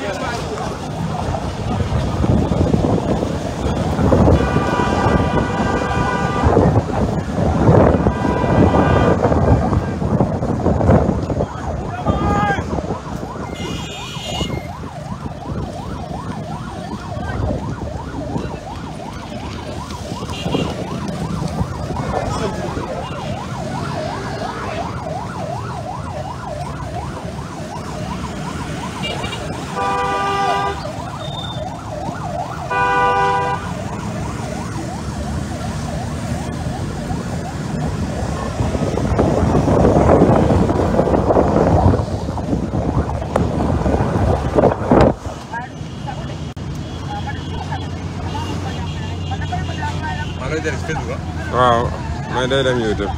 Yes, waaw may day dem YouTube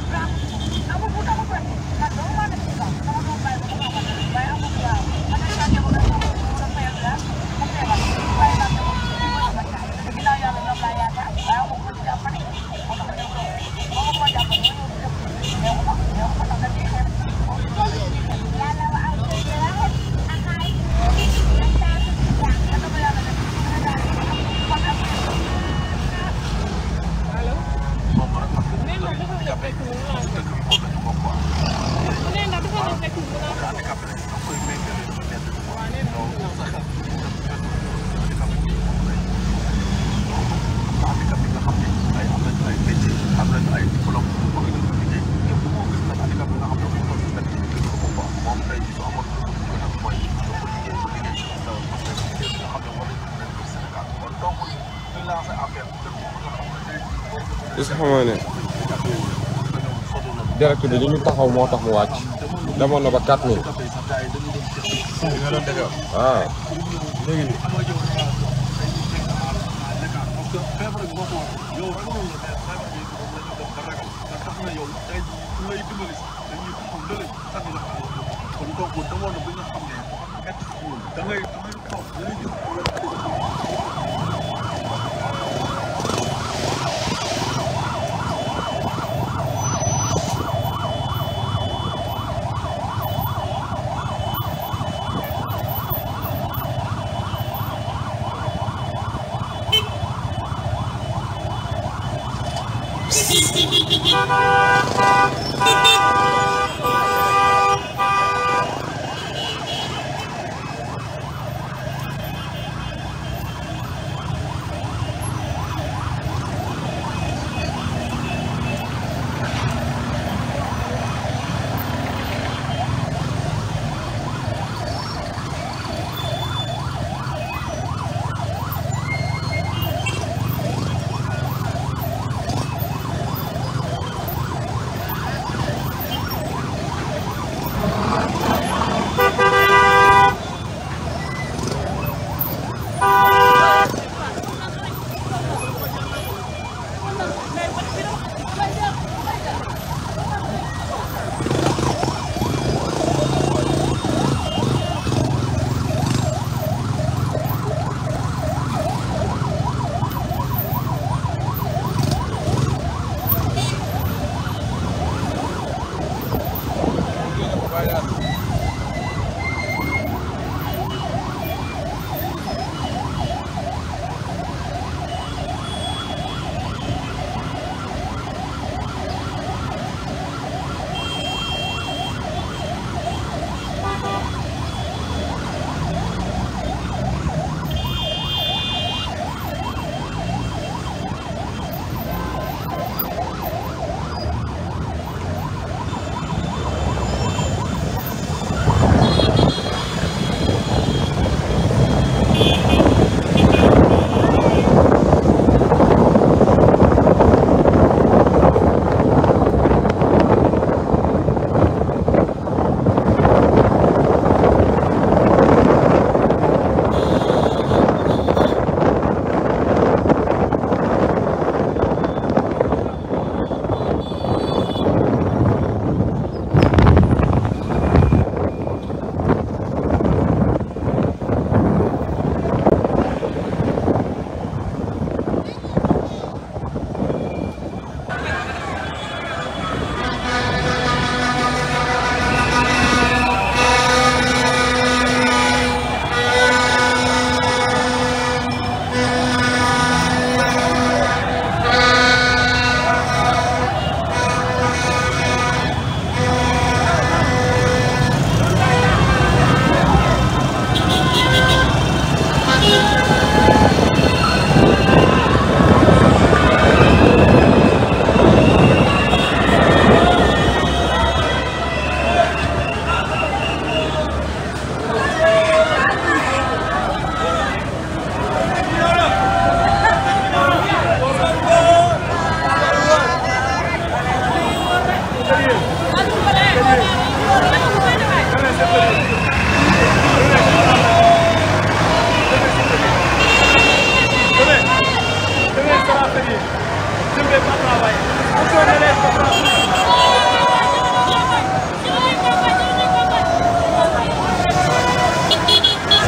gis xamoo ne direct bi li ñu demoon na ba 4000. waaw. Thank you.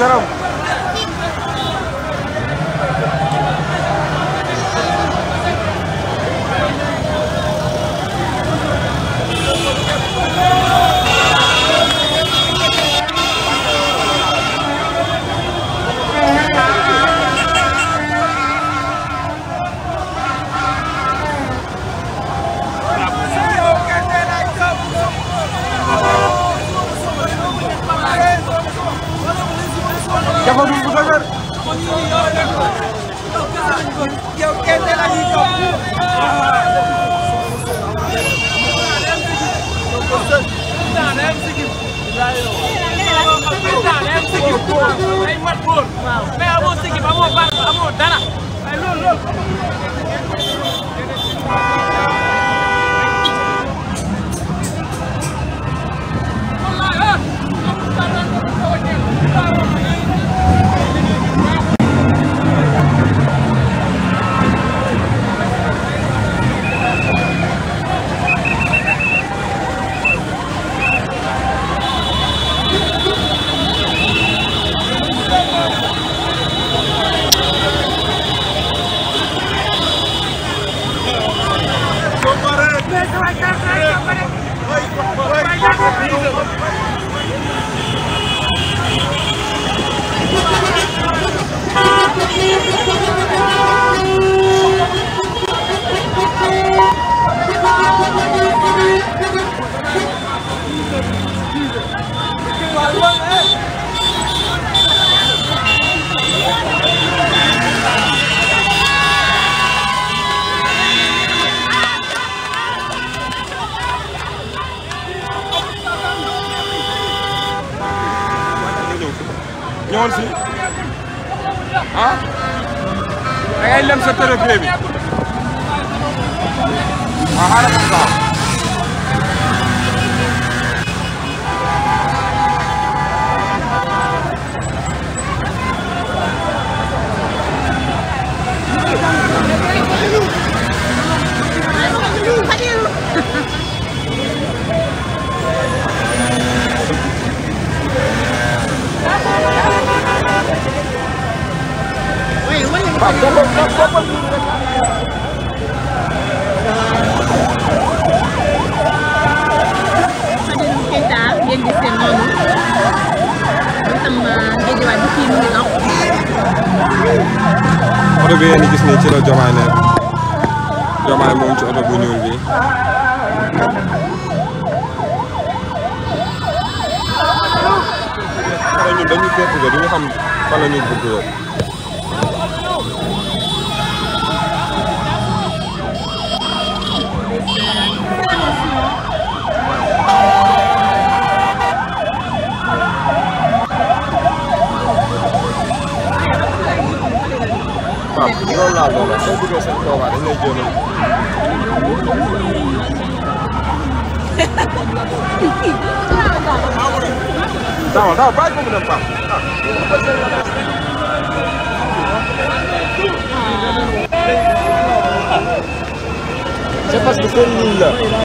здоров. kon yow kese la ñuy tere gré bi. waaw xaaral ma oto bi ngeen gis nii ci la Jomaay nekk Jomaay moom ci oto bu ñuul bi dañu bett ba duñu xam fan la ñu bëgg Pape loolu laa doon soo bëggee seen toogaay dañ lay jëloon. daaw daaw bàyyi ko mu dem Pape ah. c'est parce que seen ligne la.